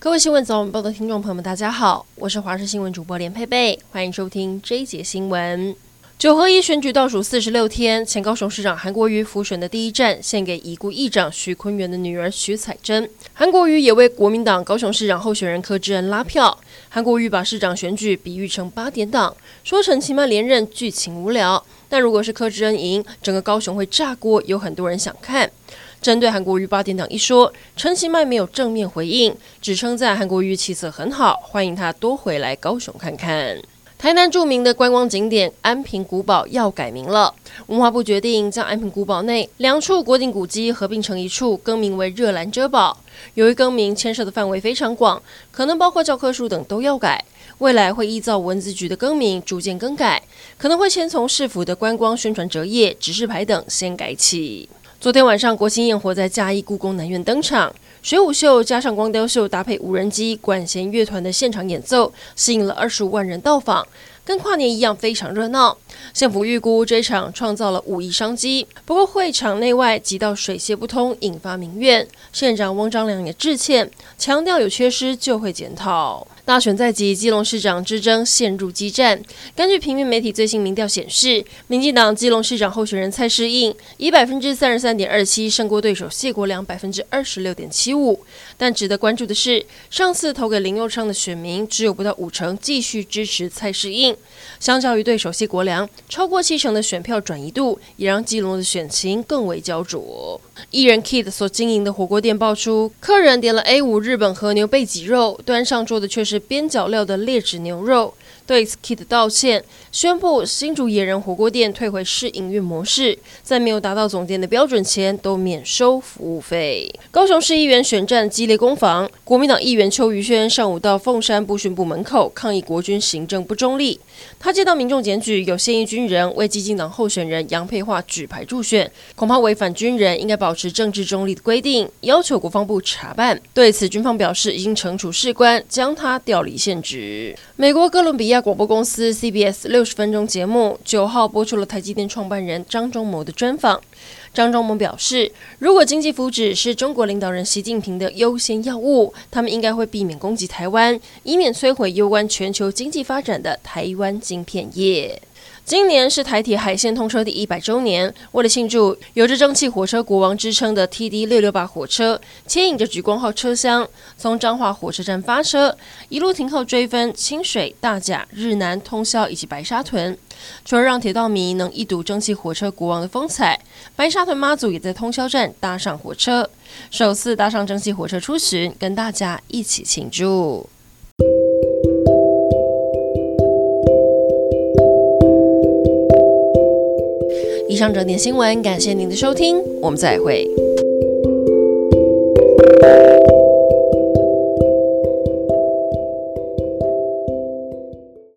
各位新聞早晚報的聽眾朋友們，大家好，我是華視新聞主播連佩佩，歡迎收聽這一節新聞。九合一選舉倒數四十六天，前高雄市長韓國瑜輔選的第一站，獻給已故議長許崑源的女兒許采蓁。韓國瑜也為國民黨高雄市長候選人柯志恩拉票。韓國瑜把市長選舉比喻成八點檔，說陳其邁連任劇情無聊，但如果是柯志恩贏，整個高雄會炸鍋，有很多人想看。針對韓國瑜八點檔一說，陳其邁沒有正面回應，只稱讚韓國瑜氣色很好，歡迎他多回來高雄看看。台南著名的觀光景點安平古堡要改名了，文化部決定將安平古堡內兩處國定古蹟合併成一處，更名為熱蘭遮堡。由於更名牽涉的範圍非常廣，可能包括教科書等都要改，未來會依照文字局的更名逐漸更改，可能會先從市府的觀光宣傳折頁、指示牌等先改起。昨天晚上，國慶焰火在嘉義故宮南院登場，水舞秀加上光雕秀搭配無人機、管弦樂團的現場演奏，吸引了二十五萬人到訪，跟跨年一樣非常熱鬧。縣府預估這場創造了五億商機，不過會場內外擠到水洩不通，引發民怨。縣長翁章梁也致歉，強調有缺失就會檢討。大選在即，基隆市長之爭陷入激戰。根據平面媒體最新民調顯示，民進黨基隆市長候選人蔡適應以百分之三十三點二七勝過對手謝國樑百分之二十六點七五。但值得關注的是，上次投給林右昌的選民只有不到五成繼續支持蔡適應，相較於對手謝國樑，超過七成的選票轉移度也讓基隆的選情更為焦灼。藝人 Kid 所經營的火鍋店爆出，客人點了 A 五日本和牛背脊肉，端上桌的卻是。邊角料的劣質牛肉。對 skt 道歉，宣布新竹野人火鍋店退回試營運模式，在沒有達到總店的標準前，都免收服務費。高雄市議員選戰激烈攻防，國民黨議員邱於軒上午到鳳山布訓部門口抗議國軍行政不中立。他接到民眾檢舉，有現役軍人為基金黨候選人楊佩華舉牌助選，恐怕違反軍人應該保持政治中立的規定，要求國防部查辦。對此，軍方表示已經懲處士官，將他調離現職。美國哥倫比亞。廣播公司 CBS 六十分鐘節目九號播出了台積電創辦人張忠謀的專訪。張忠謀表示，如果經濟福祉是中國領導人習近平的優先要務，他們應該會避免攻擊台灣，以免摧毀攸關全球經濟發展的台灣晶片業。今年是台鐵海線通車第一百周年，為了慶祝，有着蒸汽火車國王之稱的 TD 六六八火車牽引着莒光號車廂，從彰化火車站發車，一路停靠追分、清水、大甲、日南、通霄以及白沙屯，除了讓鐵道迷能一睹蒸汽火車國王的風采，白沙屯媽祖也在通霄站搭上火車，首次搭上蒸汽火車出巡，跟大家一起慶祝。以上整點新聞，感謝您的收聽，我們再會。